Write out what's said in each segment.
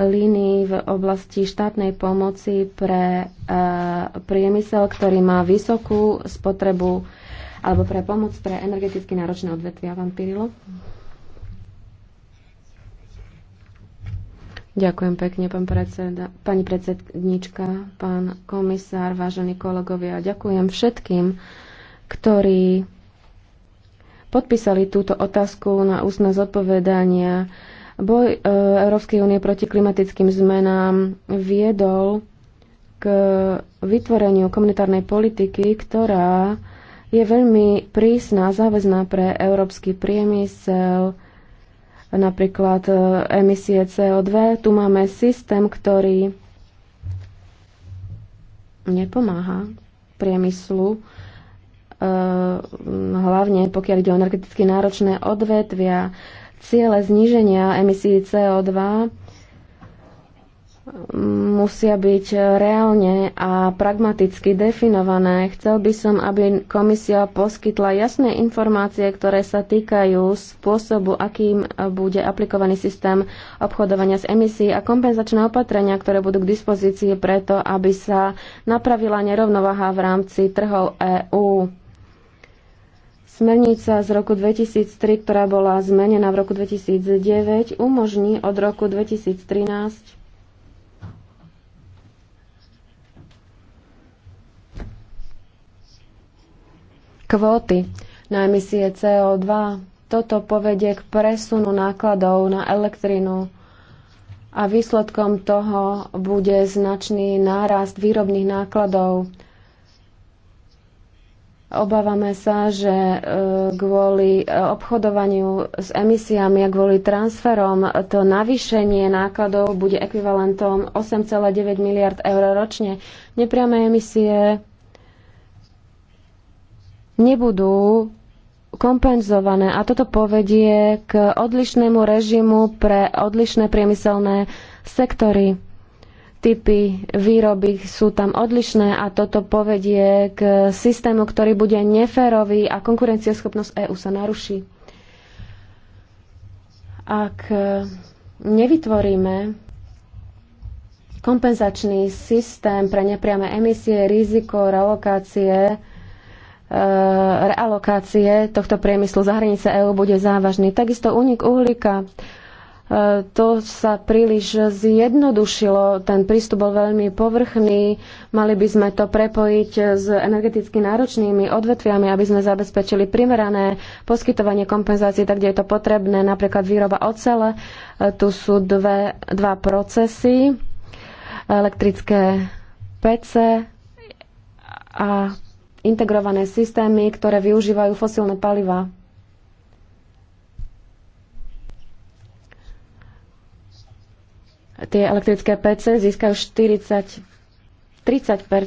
línii v oblasti štátnej pomoci pre e, priemysel, ktorý má vysokú spotrebu alebo pre pomoc pre energeticky náročné odvetvia. Vám Pirilo? Ďakujem pekne, pán predseda, pani predsednička, pán komisár, vážení kolegovia. Ďakujem všetkým, ktorí podpísali túto otázku na ústne zodpovedania Boj e, Európskej únie proti klimatickým zmenám viedol k vytvoreniu komunitárnej politiky, ktorá je veľmi prísna a záväzná pre európsky priemysel, napríklad e, emisie CO2. Tu máme systém, ktorý nepomáha priemyslu, e, hlavne pokiaľ ide o energeticky náročné odvetvia ciele zníženia emisí CO2 musia byť reálne a pragmaticky definované. Chcel by som, aby komisia poskytla jasné informácie, ktoré sa týkajú spôsobu, akým bude aplikovaný systém obchodovania s emisí a kompenzačné opatrenia, ktoré budú k dispozícii preto, aby sa napravila nerovnováha v rámci trhov EÚ. Smernica z roku 2003, ktorá bola zmenená v roku 2009, umožní od roku 2013 kvóty na emisie CO2. Toto povedie k presunu nákladov na elektrinu a výsledkom toho bude značný nárast výrobných nákladov Obávame sa, že e, kvôli e, obchodovaniu s emisiami a kvôli transferom to navýšenie nákladov bude ekvivalentom 8,9 miliard eur ročne. Nepriame emisie nebudú kompenzované a toto povedie k odlišnému režimu pre odlišné priemyselné sektory typy výroby sú tam odlišné a toto povedie k systému, ktorý bude neférový a konkurencieschopnosť EÚ sa naruší. Ak e, nevytvoríme kompenzačný systém pre nepriame emisie, riziko, relokácie, e, realokácie tohto priemyslu za hranice EÚ bude závažný. Takisto únik uhlíka E, to sa príliš zjednodušilo, ten prístup bol veľmi povrchný, mali by sme to prepojiť s energeticky náročnými odvetviami, aby sme zabezpečili primerané poskytovanie kompenzácií, tak kde je to potrebné, napríklad výroba ocele, e, tu sú dve, dva procesy, elektrické pece a integrované systémy, ktoré využívajú fosílne paliva. tie elektrické PC získajú 40 30 e,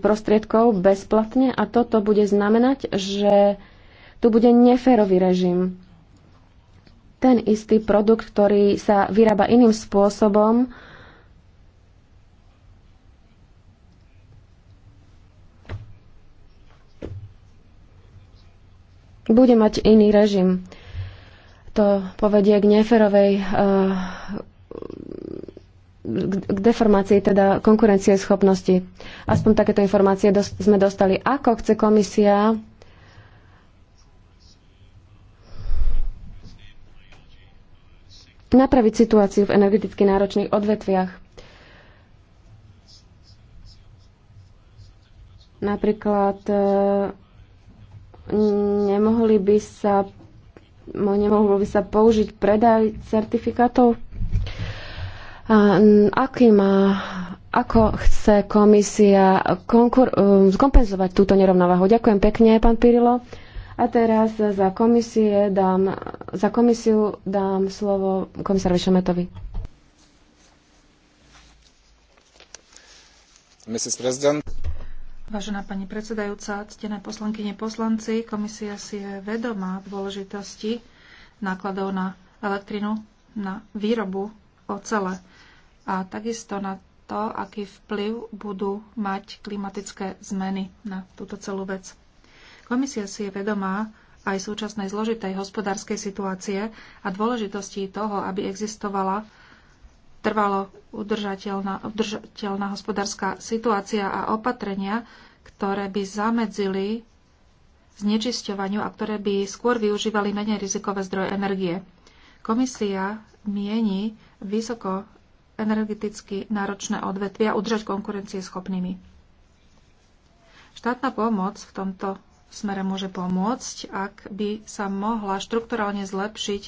prostriedkov bezplatne a toto bude znamenať, že tu bude neférový režim. Ten istý produkt, ktorý sa vyrába iným spôsobom, bude mať iný režim to povedie k neferovej eh, k deformácii teda konkurencie schopnosti. Aspoň takéto informácie dos- sme dostali. Ako chce komisia napraviť situáciu v energeticky náročných odvetviach? Napríklad eh, nemohli by sa nemohlo by sa použiť predaj certifikátov? A, aký má, ako chce komisia konkur- um, kompenzovať túto nerovnováhu? Ďakujem pekne, pán Pirilo. A teraz za, komisie dám, za komisiu dám slovo komisárovi Šometovi. Mrs. President. Vážená pani predsedajúca, ctené poslankyne poslanci, komisia si je vedomá dôležitosti nákladov na elektrinu, na výrobu ocele a takisto na to, aký vplyv budú mať klimatické zmeny na túto celú vec. Komisia si je vedomá aj súčasnej zložitej hospodárskej situácie a dôležitosti toho, aby existovala trvalo udržateľná, udržateľná hospodárska situácia a opatrenia, ktoré by zamedzili znečisťovaniu a ktoré by skôr využívali menej rizikové zdroje energie. Komisia mieni vysoko energeticky náročné odvetvia udržať konkurencie schopnými. Štátna pomoc v tomto smere môže pomôcť, ak by sa mohla štrukturálne zlepšiť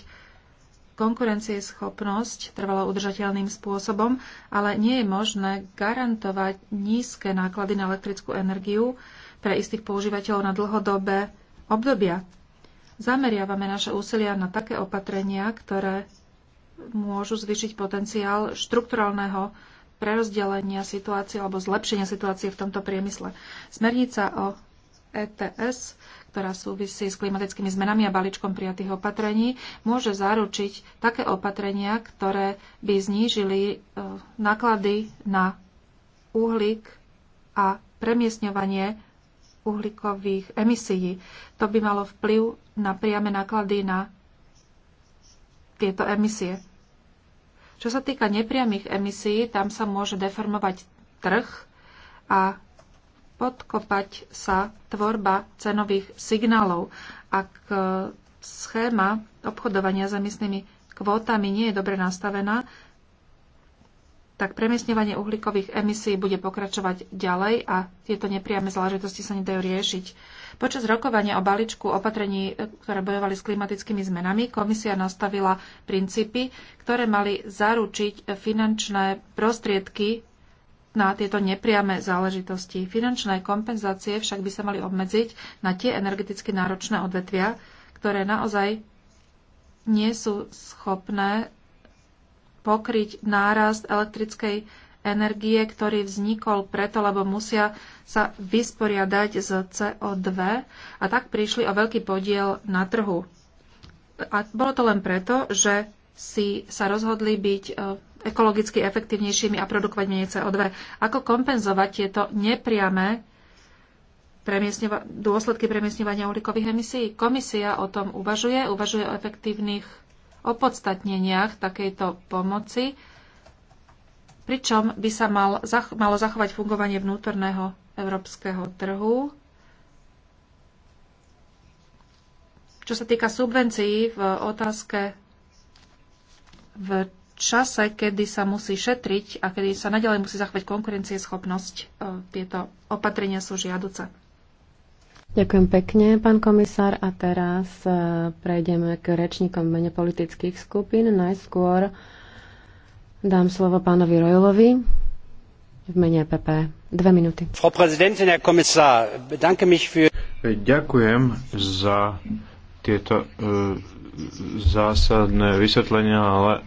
konkurencieschopnosť trvalo udržateľným spôsobom, ale nie je možné garantovať nízke náklady na elektrickú energiu pre istých používateľov na dlhodobé obdobia. Zameriavame naše úsilia na také opatrenia, ktoré môžu zvýšiť potenciál štrukturálneho prerozdelenia situácie alebo zlepšenia situácie v tomto priemysle. Smernica o ETS ktorá súvisí s klimatickými zmenami a balíčkom prijatých opatrení, môže zaručiť také opatrenia, ktoré by znížili e, náklady na uhlík a premiesňovanie uhlíkových emisií. To by malo vplyv na priame náklady na tieto emisie. Čo sa týka nepriamých emisí, tam sa môže deformovať trh a podkopať sa tvorba cenových signálov, ak e, schéma obchodovania s emisnými kvótami nie je dobre nastavená, tak premiesňovanie uhlíkových emisí bude pokračovať ďalej a tieto nepriame záležitosti sa nedajú riešiť. Počas rokovania o balíčku opatrení, e, ktoré bojovali s klimatickými zmenami, komisia nastavila princípy, ktoré mali zaručiť finančné prostriedky na tieto nepriame záležitosti. Finančné kompenzácie však by sa mali obmedziť na tie energeticky náročné odvetvia, ktoré naozaj nie sú schopné pokryť nárast elektrickej energie, ktorý vznikol preto, lebo musia sa vysporiadať z CO2 a tak prišli o veľký podiel na trhu. A bolo to len preto, že si sa rozhodli byť e, ekologicky efektívnejšími a produkovať menej CO2. Ako kompenzovať tieto nepriame premiesňova- dôsledky premiesňovania uhlíkových emisí? Komisia o tom uvažuje, uvažuje o efektívnych opodstatneniach takejto pomoci, pričom by sa mal, zach- malo zachovať fungovanie vnútorného európskeho trhu. Čo sa týka subvencií v otázke v čase, kedy sa musí šetriť a kedy sa nadalej musí zachovať konkurencieschopnosť, e, tieto opatrenia sú žiaduce. Ďakujem pekne, pán komisár. A teraz e, prejdeme k rečníkom mene politických skupín. Najskôr dám slovo pánovi Rojlovi v mene PP. E Dve minúty. Frau Präsidentin, Herr Kommissar, bedanke mich für... Ďakujem za tieto e, zásadné vysvetlenia, ale e,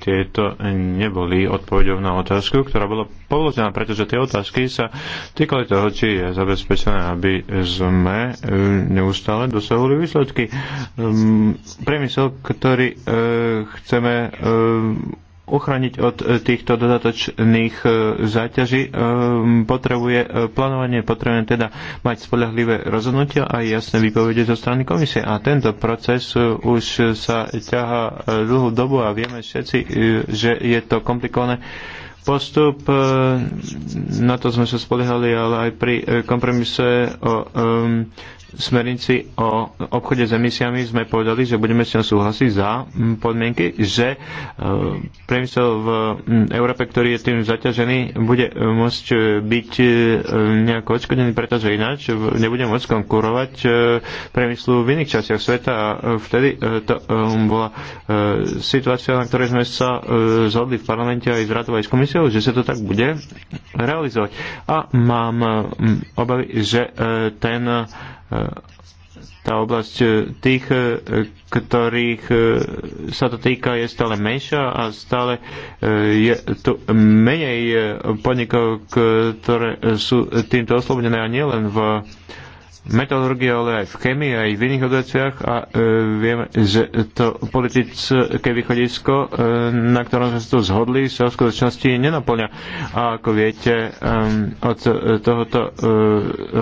tieto neboli odpovedou na otázku, ktorá bola položená, pretože tie otázky sa týkali toho, či je zabezpečené, aby sme e, neustále dosahovali výsledky. Ehm, priemysel, ktorý chceme uchrániť od e, týchto dodatočných e, záťaží, e, potrebuje plánovanie, potrebuje teda mať spolahlivé rozhodnutia a jasné výpovede zo strany komisie. A tento proces už sa ťaha dlhú dobu a vieme všetci, že je to komplikované postup, na to sme sa spolehali, ale aj pri kompromise o um, smernici o obchode s emisiami sme povedali, že budeme s ňou súhlasiť za podmienky, že e, priemysel v Európe, ktorý je tým zaťažený, bude e, môcť e, byť nejako odškodený, pretože ináč nebude môcť konkurovať priemyslu v iných častiach sveta a vtedy to bola situácia, na ktorej sme sa zhodli v parlamente aj z radou aj s komisiou, že sa to tak bude realizovať. A mám obavy, že ten E, tá oblasť e, tých, e, ktorých sa to týka, je stále menšia a stále je tu menej podnikov, ktoré sú týmto oslobodené a nielen v metalurgii, ale aj v chemii, aj v iných odveciach a e, viem, že to politické východisko, e, na ktorom sme sa tu zhodli, sa v skutočnosti nenaplňa. A ako viete, e, od tohoto e,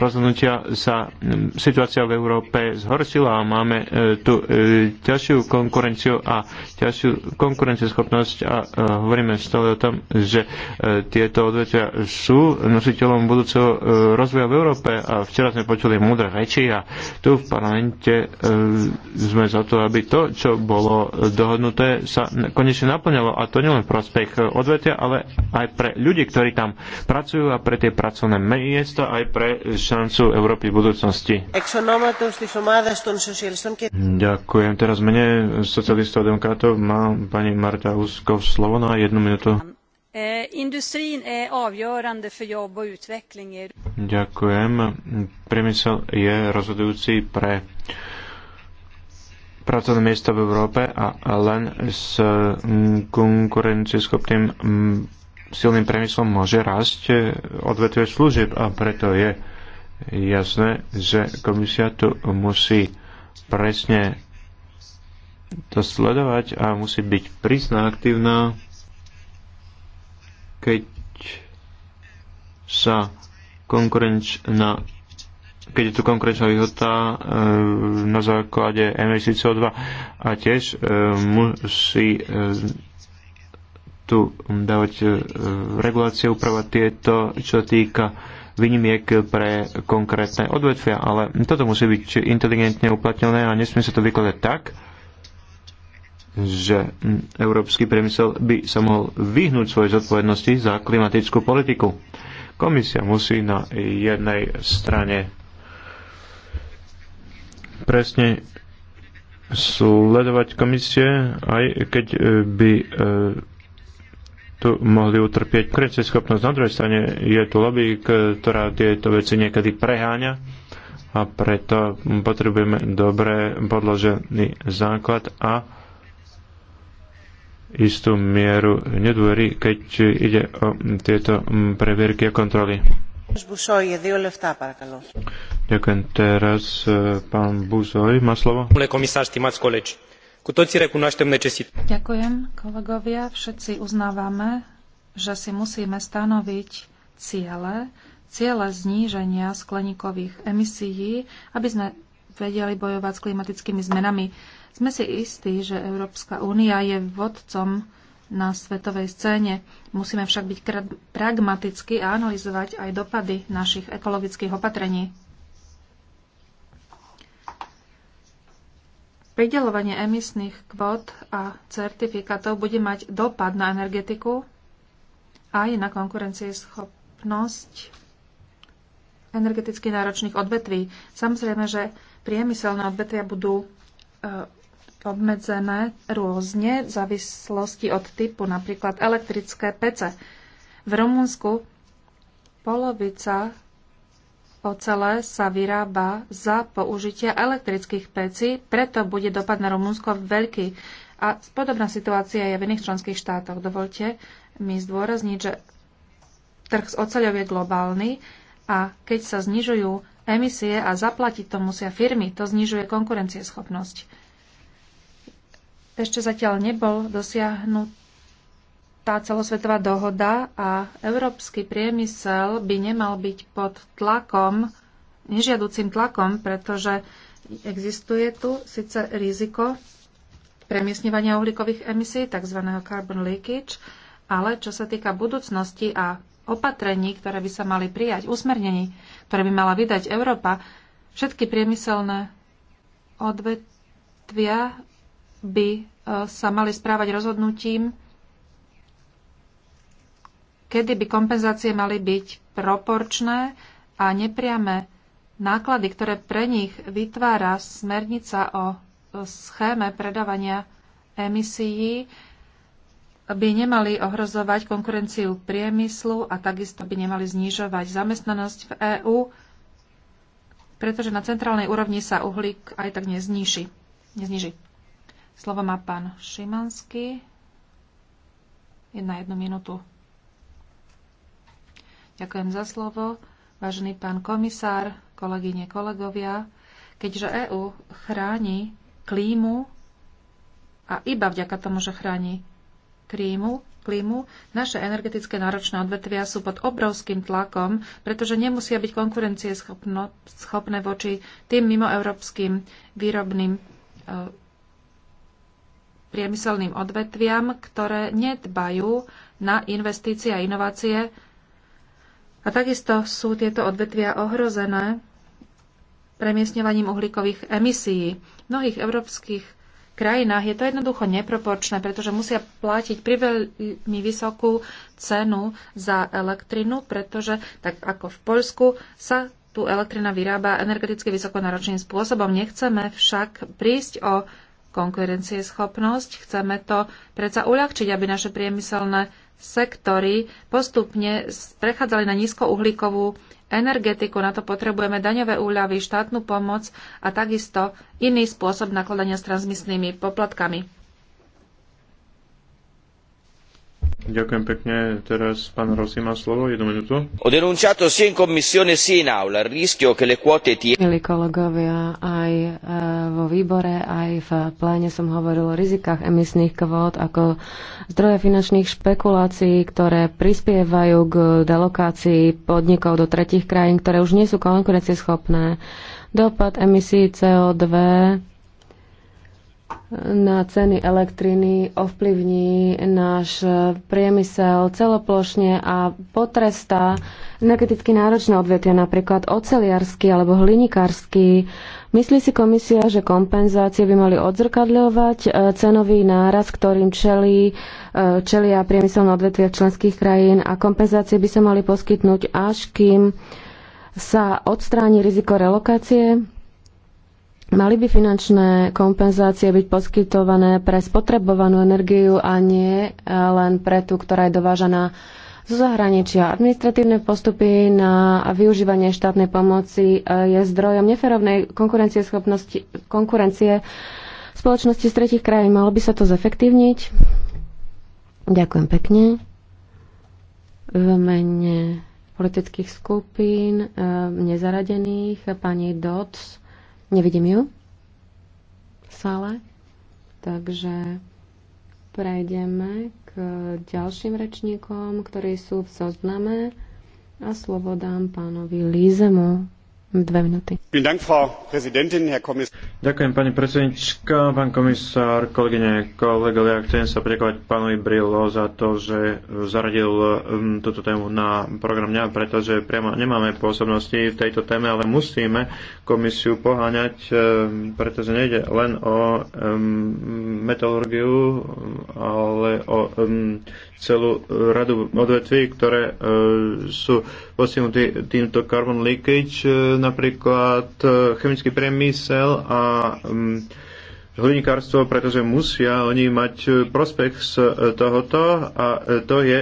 rozhodnutia sa situácia v Európe zhoršila a máme e, tu e, ťažšiu konkurenciu a ťažšiu konkurencieschopnosť a e, hovoríme stále o tom, že e, tieto odvetvia sú nositeľom budúceho e, rozvoja v Európe a včera sme počuli múdre reči a tu v parlamente e, sme za to, aby to, čo bolo dohodnuté, sa konečne naplňalo a to nielen prospech odvetia, ale aj pre ľudí, ktorí tam pracujú a pre tie pracovné miesta, aj pre šancu Európy v budúcnosti. Ďakujem. Teraz mene socialistov a demokratov má pani Marta Úskov slovo na jednu minútu. Eh, Industrín je avgörande för jobb och utveckling. Ďakujem. Priemysel je rozhodujúci pre pracovné miesta v Európe a len s konkurencieschopným silným priemyslom môže rásť eh, odvetvie služieb a preto je jasné, že komisia tu musí presne to sledovať a musí byť prísna aktívna keď sa konkurenčná keď je tu konkurenčná výhoda e, na základe emisí CO2 a tiež e, musí e, tu dávať regulácie, upravať tieto, čo týka výnimiek pre konkrétne odvetvia, ale toto musí byť inteligentne uplatnené a nesmie sa to vykladať tak, že európsky priemysel by sa mohol vyhnúť svojej zodpovednosti za klimatickú politiku. Komisia musí na jednej strane presne sledovať komisie, aj keď e, by e, tu mohli utrpieť schopnosť. Na druhej strane je tu lobby, ktorá tieto veci niekedy preháňa a preto potrebujeme dobre podložený základ a istú mieru nedôvery, keď ide o tieto mm, previerky a kontroly. Ďakujem teraz, e, pán Buzoj, má slovo. komisár, Ďakujem, kolegovia, všetci uznávame, že si musíme stanoviť ciele, ciele zníženia skleníkových emisií, aby sme vedeli bojovať s klimatickými zmenami. Sme si istí, že Európska únia je vodcom na svetovej scéne. Musíme však byť pragmaticky a analyzovať aj dopady našich ekologických opatrení. Pridelovanie emisných kvót a certifikátov bude mať dopad na energetiku aj na konkurencieschopnosť energeticky náročných odvetví. Samozrejme, že priemyselné odvetvia budú e, obmedzené rôzne v závislosti od typu, napríklad elektrické pece. V Rumunsku polovica ocele sa vyrába za použitia elektrických pecí, preto bude dopad na Rumunsko veľký. A podobná situácia je v iných členských štátoch. Dovolte mi zdôrazniť, že trh s oceľou je globálny a keď sa znižujú emisie a zaplatiť to musia firmy, to znižuje konkurencieschopnosť ešte zatiaľ nebol dosiahnutá celosvetová dohoda a európsky priemysel by nemal byť pod tlakom, nežiaducím tlakom, pretože existuje tu síce riziko premiesňovania uhlíkových emisí, tzv. carbon leakage, ale čo sa týka budúcnosti a opatrení, ktoré by sa mali prijať, usmernení, ktoré by mala vydať Európa, všetky priemyselné odvetvia by e, sa mali správať rozhodnutím, kedy by kompenzácie mali byť proporčné a nepriame náklady, ktoré pre nich vytvára smernica o e, schéme predávania emisií, by nemali ohrozovať konkurenciu priemyslu a takisto by nemali znižovať zamestnanosť v EÚ, pretože na centrálnej úrovni sa uhlík aj tak nezniží. nezniží. Slovo má pán Šimanský. Jedna jednu minútu. Ďakujem za slovo. Vážený pán komisár, kolegyne, kolegovia, keďže EÚ chráni klímu a iba vďaka tomu, že chráni klímu, klímu, naše energetické náročné odvetvia sú pod obrovským tlakom, pretože nemusia byť schopné voči tým mimoeurópskym výrobným e, priemyselným odvetviam, ktoré nedbajú na investície a inovácie. A takisto sú tieto odvetvia ohrozené premiesňovaním uhlíkových emisí. V mnohých európskych krajinách je to jednoducho neproporčné, pretože musia platiť priveľmi vysokú cenu za elektrinu, pretože tak ako v Poľsku sa tu elektrina vyrába energeticky vysokonáročným spôsobom. Nechceme však prísť o konkurencieschopnosť. Chceme to predsa uľahčiť, aby naše priemyselné sektory postupne prechádzali na nízkouhlíkovú energetiku. Na to potrebujeme daňové úľavy, štátnu pomoc a takisto iný spôsob nakladania s transmisnými poplatkami. Ďakujem pekne. Teraz pán Rossi má slovo, jednu minútu. Ho denunciato sia in commissione sia in aula il rischio che le quote ti... Milí kolegovia, aj eh, vo výbore, aj v pléne som hovoril o rizikách emisných kvót ako zdroje finančných špekulácií, ktoré prispievajú k delokácii podnikov do tretich krajín, ktoré už nie sú konkurencieschopné. Dopad emisí CO2 na ceny elektriny ovplyvní náš priemysel celoplošne a potrestá energeticky náročné odvetvia, napríklad oceliarsky alebo hlinikársky. Myslí si komisia, že kompenzácie by mali odzrkadľovať e, cenový náraz, ktorým čelí, e, čelia priemyselné odvetvia členských krajín a kompenzácie by sa mali poskytnúť až kým sa odstráni riziko relokácie Mali by finančné kompenzácie byť poskytované pre spotrebovanú energiu a nie eh, len pre tú, ktorá je dovážaná zo zahraničia. Administratívne postupy na využívanie štátnej pomoci eh, je zdrojom neferovnej konkurencie, schopnosti, konkurencie spoločnosti z tretich krajín. Malo by sa to zefektívniť? Ďakujem pekne. V mene politických skupín eh, nezaradených pani Dodds Nevidím ju v sále, takže prejdeme k ďalším rečníkom, ktorí sú v zozname a slovo dám pánovi Lízemu. Ďakujem pani predsednička, pán komisár, kolegyne, kolegovia. Chcem sa poďakovať pánovi Brillo za to, že zaradil um, túto tému na program dňa, pretože priamo nemáme pôsobnosti v tejto téme, ale musíme komisiu poháňať, um, pretože nejde len o um, metalurgiu, ale o celú radu odvetví, ktoré uh, sú postihnutí týmto carbon leakage, e, napríklad e, chemický priemysel a um, hlinikárstvo, pretože musia oni mať e, prospech z e, tohoto a e, to je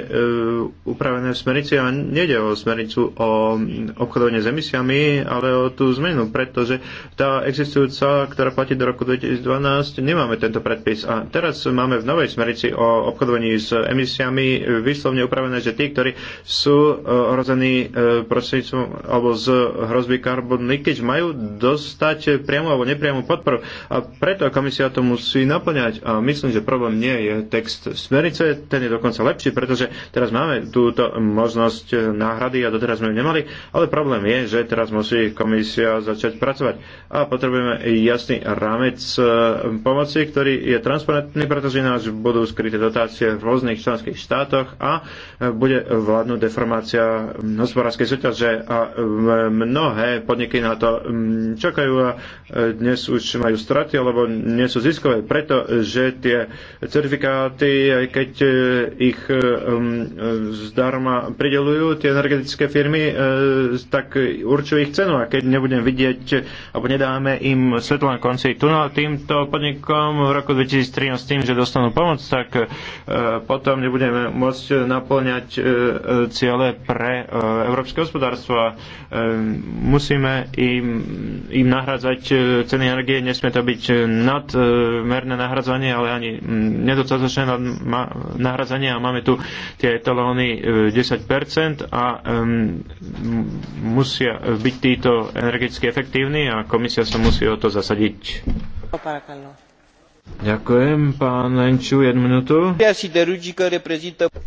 upravené v smernici a nejde o smernicu o mm, obchodovanie s emisiami, ale o tú zmenu, pretože tá existujúca, ktorá platí do roku 2012, nemáme tento predpis a teraz máme v novej smernici o obchodovaní s emisiami výslovne upravené, že tí, ktorí sú ohrození prostredníctvom alebo z hrozby carbon leakage majú dostať priamu alebo nepriamu podporu. A preto komisia to musí naplňať. A myslím, že problém nie je text smernice, ten je dokonca lepší, pretože teraz máme túto možnosť náhrady a doteraz sme ju nemali, ale problém je, že teraz musí komisia začať pracovať. A potrebujeme jasný rámec e, pomoci, ktorý je transparentný, pretože nás budú skryté dotácie v rôznych členských štátoch a e, bude vládnuť deformácia hospodárskej súťaže a e, mnohé podniky na to čakajú a dnes už majú straty, alebo nie sú ziskové, pretože tie certifikáty, aj keď e, ich e, um, zdarma pridelujú tie energetické firmy, e, tak určujú ich cenu a keď nebudem vidieť, alebo nedáme im svetlo na konci tunela týmto podnikom v roku 2013 tým, že dostanú pomoc, tak potom nebudeme môcť naplňať ciele pre európske hospodárstvo. Musíme im, im nahrádzať ceny energie, nesmie to byť nad nadmerné e, nahradzanie, ale ani mm, nedostatočné nahradzanie a máme tu tie etalóny 10% e, a musia byť títo energeticky efektívni a komisia sa musí o to zasadiť. Ďakujem, pán Lenču, jednu minútu.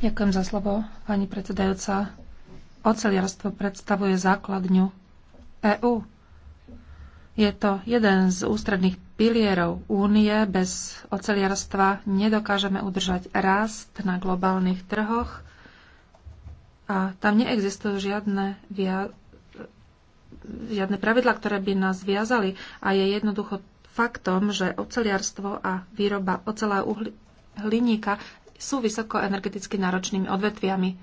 Ďakujem za slovo, pani predsedajúca. Oceliarstvo predstavuje základňu EÚ. Je to jeden z ústredných pilierov únie bez oceliarstva nedokážeme udržať rast na globálnych trhoch a tam neexistujú žiadne, via... žiadne pravidla, ktoré by nás viazali a je jednoducho faktom, že oceliarstvo a výroba ocela uhli... hliníka sú vysoko energeticky náročnými odvetviami.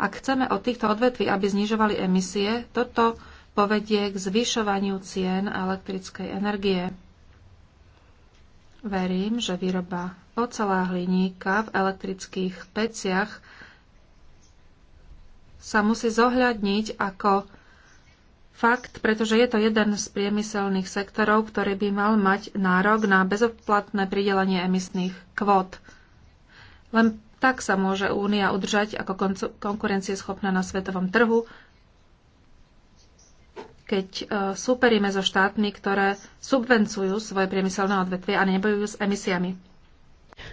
Ak chceme od týchto odvetví, aby znižovali emisie, toto povedie k zvyšovaniu cien elektrickej energie. Verím, že výroba ocelá hliníka v elektrických peciach sa musí zohľadniť ako fakt, pretože je to jeden z priemyselných sektorov, ktorý by mal mať nárok na bezoplatné pridelenie emisných kvót. Len tak sa môže Únia udržať ako konkurencieschopná na svetovom trhu keď e, súperíme so štátmi, ktoré subvencujú svoje priemyselné odvetvie a nebojujú s emisiami.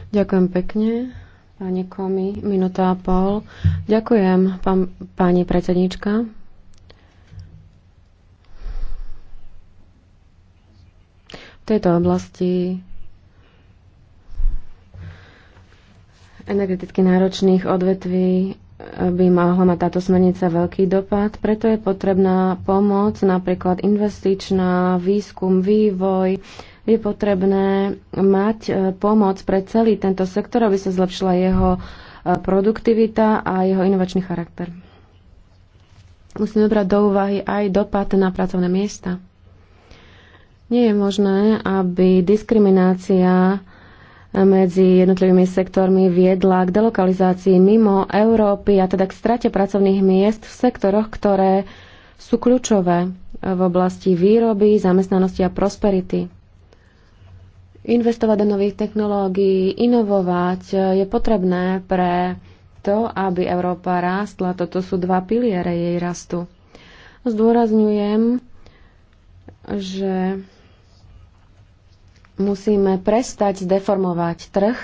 Ďakujem pekne. Pani Komi, minúta a pol. Ďakujem, pán, pani predsednička. V tejto oblasti energeticky náročných odvetví by mohla mať táto smernica veľký dopad, preto je potrebná pomoc, napríklad investičná, výskum, vývoj. Je potrebné mať e, pomoc pre celý tento sektor, aby sa zlepšila jeho e, produktivita a jeho inovačný charakter. Musíme brať do úvahy aj dopad na pracovné miesta. Nie je možné, aby diskriminácia medzi jednotlivými sektormi viedla k delokalizácii mimo Európy a teda k strate pracovných miest v sektoroch, ktoré sú kľúčové v oblasti výroby, zamestnanosti a prosperity. Investovať do nových technológií, inovovať je potrebné pre to, aby Európa rástla. Toto sú dva piliere jej rastu. Zdôrazňujem, že Musíme prestať deformovať trh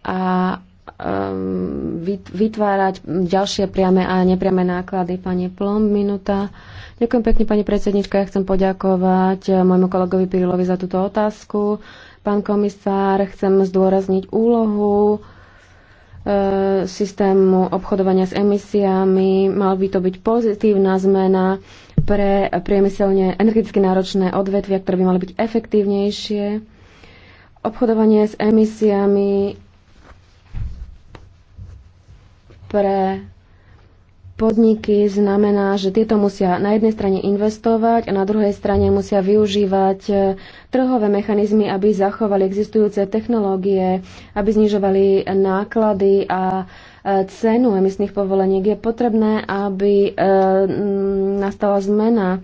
a um, vytvárať ďalšie priame a nepriame náklady. Pani Plom, minúta. Ďakujem pekne, pani predsednička. Ja chcem poďakovať eh, môjmu kolegovi Pirilovi za túto otázku. Pán komisár, chcem zdôrazniť úlohu E, systému obchodovania s emisiami. Mal by to byť pozitívna zmena pre priemyselne energeticky náročné odvetvia, ktoré by mali byť efektívnejšie. Obchodovanie s emisiami pre podniky znamená, že tieto musia na jednej strane investovať a na druhej strane musia využívať e, trhové mechanizmy, aby zachovali existujúce technológie, aby znižovali náklady a e, cenu emisných povoleniek. Je potrebné, aby e, nastala zmena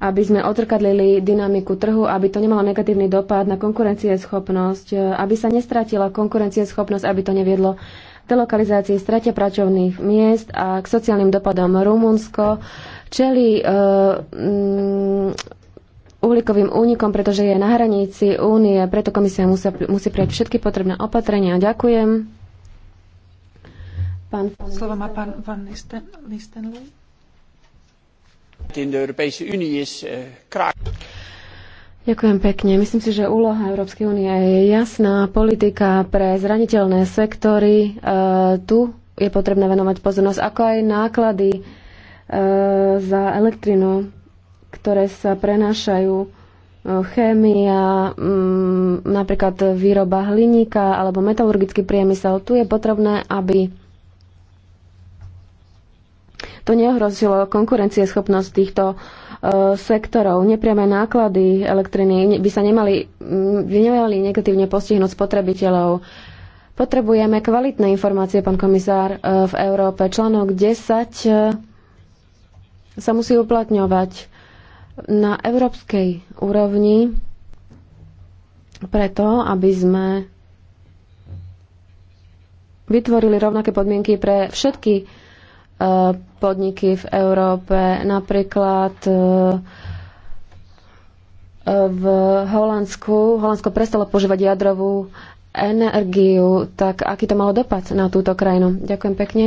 aby sme otrkadlili dynamiku trhu, aby to nemalo negatívny dopad na konkurencieschopnosť, aby sa nestratila konkurencieschopnosť, aby to neviedlo delokalizácii, strate pracovných miest a k sociálnym dopadom Rumunsko čeli e, um, uhlíkovým únikom, pretože je na hranici únie, preto komisia musia, musí prijať všetky potrebné opatrenia. Ďakujem. Pán Slovo má pán Van Listenley. In de Europese Unie is uh, kraak. Ďakujem pekne. Myslím si, že úloha Európskej únie je jasná. Politika pre zraniteľné sektory. E, tu je potrebné venovať pozornosť, ako aj náklady e, za elektrinu, ktoré sa prenášajú e, chémia, m, mm, napríklad výroba hliníka alebo metalurgický priemysel. Tu je potrebné, aby to neohrozilo konkurencieschopnosť týchto uh, sektorov. Nepriame náklady elektriny by sa nemali, mm, by nemali negatívne postihnúť spotrebiteľov. Potrebujeme kvalitné informácie, pán komisár, e, v Európe. Článok 10 e, sa musí uplatňovať na európskej úrovni preto, aby sme vytvorili rovnaké podmienky pre všetky podniky v Európe. Napríklad e, e, v Holandsku, Holandsko prestalo používať jadrovú energiu, tak aký to malo dopad na túto krajinu? Ďakujem pekne.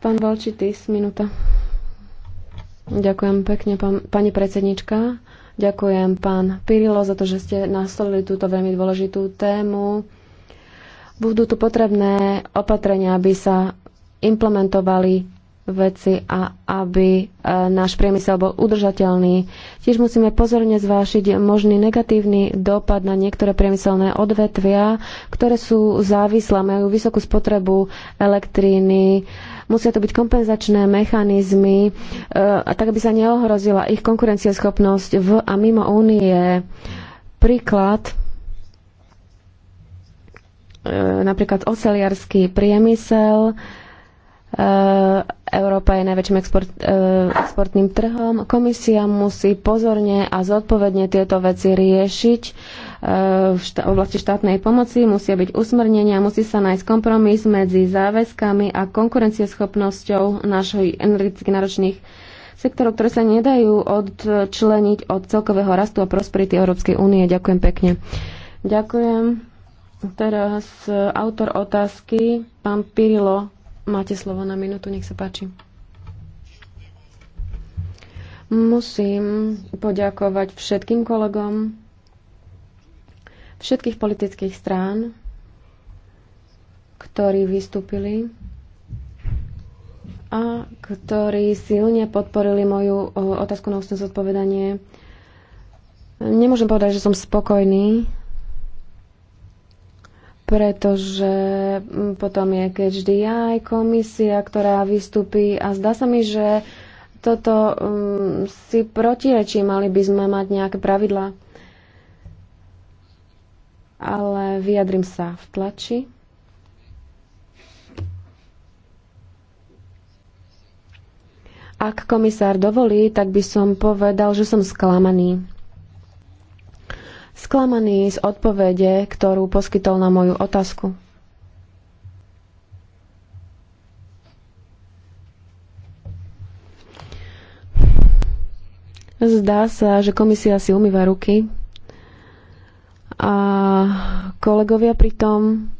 Pán Valčitis, minúta. Ďakujem pekne, pán, pani predsednička. Ďakujem, pán Pirilo, za to, že ste nastolili túto veľmi dôležitú tému. Budú tu potrebné opatrenia, aby sa implementovali veci a aby e, náš priemysel bol udržateľný. Tiež musíme pozorne zvášiť možný negatívny dopad na niektoré priemyselné odvetvia, ktoré sú závislé, majú vysokú spotrebu elektríny, musia to byť kompenzačné mechanizmy, e, a tak aby sa neohrozila ich konkurencieschopnosť v a mimo únie. Príklad e, napríklad oceliarský priemysel, Eh, Európa je najväčším export, eh, exportným trhom. Komisia musí pozorne a zodpovedne tieto veci riešiť. Eh, v oblasti štátnej pomoci musia byť usmernenia, musí sa nájsť kompromis medzi záväzkami a konkurencieschopnosťou našich energeticky náročných sektorov, ktoré sa nedajú odčleniť od celkového rastu a prosperity Európskej únie. Ďakujem pekne. Ďakujem. Teraz autor otázky, pán Pirilo Máte slovo na minútu, nech sa páči. Musím poďakovať všetkým kolegom všetkých politických strán, ktorí vystúpili a ktorí silne podporili moju otázku na ústne zodpovedanie. Nemôžem povedať, že som spokojný pretože mm, potom je keď vždy aj komisia, ktorá vystupí a zdá sa mi, že toto um, si protirečí, mali by sme mať nejaké pravidlá. Ale vyjadrim sa v tlači. Ak komisár dovolí, tak by som povedal, že som sklamaný sklamaný z odpovede, ktorú poskytol na moju otázku. Zdá sa, že komisia si umýva ruky a kolegovia pritom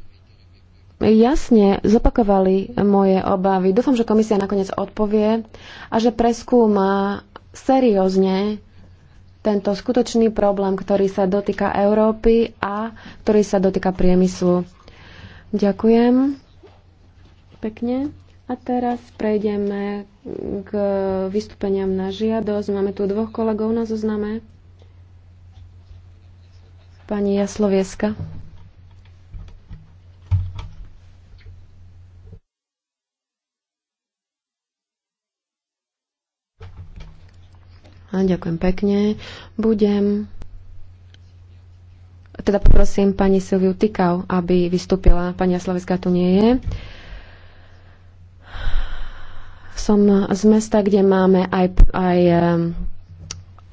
jasne zopakovali moje obavy. Dúfam, že komisia nakoniec odpovie a že preskúma seriózne tento skutočný problém, ktorý sa dotýka Európy a ktorý sa dotýka priemyslu. Ďakujem pekne. A teraz prejdeme k vystúpeniam na žiadosť. Máme tu dvoch kolegov na zozname. Pani Jaslovieska. A ďakujem pekne. Budem... Teda poprosím pani Silviu Tykau, aby vystúpila. Pani Jaslovická tu nie je. Som z mesta, kde máme aj, aj eh,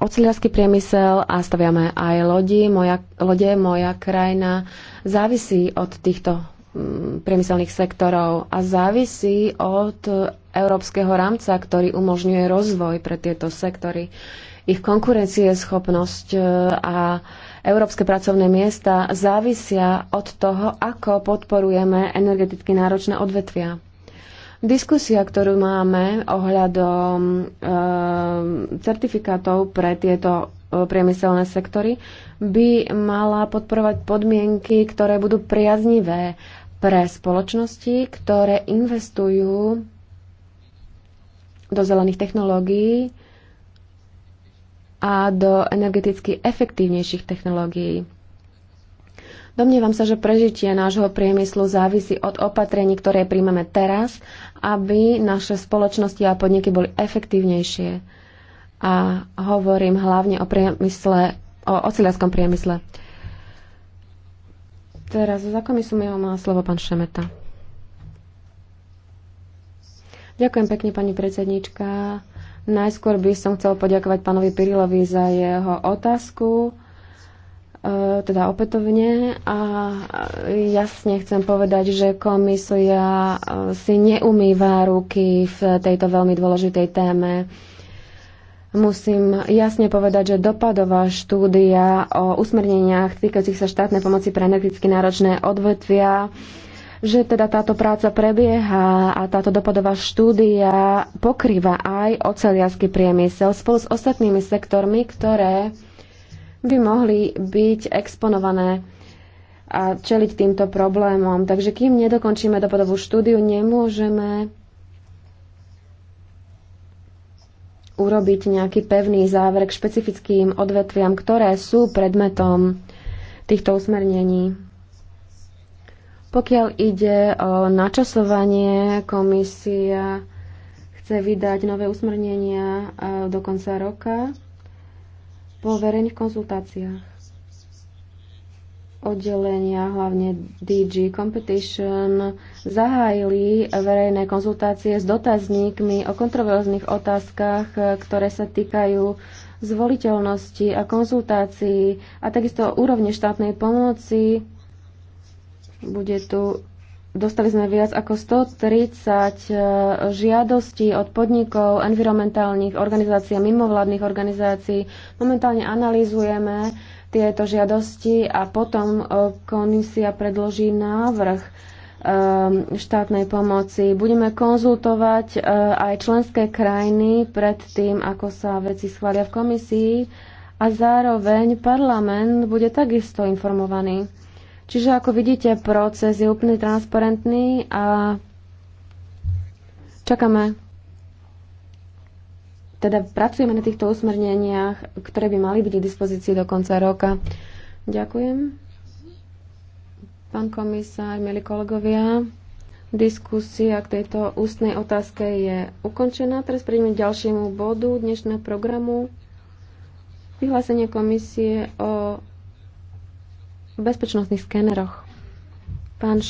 oceliarský priemysel a staviame aj lodi. Moja, lode, moja krajina závisí od týchto Mm, priemyselných sektorov a závisí od európskeho rámca, ktorý umožňuje rozvoj pre tieto sektory. Ich konkurencieschopnosť e, a európske pracovné miesta závisia od toho, ako podporujeme energeticky náročné odvetvia. Diskusia, ktorú máme ohľadom e, certifikátov pre tieto e, priemyselné sektory, by mala podporovať podmienky, ktoré budú priaznivé pre spoločnosti, ktoré investujú do zelených technológií a do energeticky efektívnejších technológií. Domnievam sa, že prežitie nášho priemyslu závisí od opatrení, ktoré príjmeme teraz, aby naše spoločnosti a podniky boli efektívnejšie. A hovorím hlavne o priemysle, o priemysle. Teraz za komisiu mi má slovo pán Šemeta. Ďakujem pekne, pani predsednička. Najskôr by som chcel poďakovať pánovi Pirilovi za jeho otázku, e, teda opätovne. A jasne chcem povedať, že komisia e, si neumýva ruky v tejto veľmi dôležitej téme. Musím jasne povedať, že dopadová štúdia o usmerneniach týkajúcich sa štátnej pomoci pre energeticky náročné odvetvia že teda táto práca prebieha a táto dopadová štúdia pokrýva aj oceliarský priemysel spolu s ostatnými sektormi, ktoré by mohli byť exponované a čeliť týmto problémom. Takže kým nedokončíme dopadovú štúdiu, nemôžeme urobiť nejaký pevný záver k špecifickým odvetviam, ktoré sú predmetom týchto usmernení. Pokiaľ ide o načasovanie, komisia chce vydať nové usmernenia e, do konca roka po verejných konzultáciách oddelenia, hlavne DG Competition, zahájili verejné konzultácie s dotazníkmi o kontroverzných otázkach, ktoré sa týkajú zvoliteľnosti a konzultácií a takisto úrovne štátnej pomoci. Bude tu Dostali sme viac ako 130 e, žiadostí od podnikov, environmentálnych organizácií a mimovládnych organizácií. Momentálne analýzujeme tieto žiadosti a potom e, komisia predloží návrh e, štátnej pomoci. Budeme konzultovať e, aj členské krajiny pred tým, ako sa veci schvália v komisii a zároveň parlament bude takisto informovaný. Čiže ako vidíte, proces je úplne transparentný a čakáme teda pracujeme na týchto usmerneniach, ktoré by mali byť k dispozícii do konca roka. Ďakujem. Pán komisár, milí kolegovia, diskusia k tejto ústnej otázke je ukončená. Teraz prejdeme k ďalšiemu bodu dnešného programu. Vyhlásenie komisie o bezpečnostných skéneroch. Pán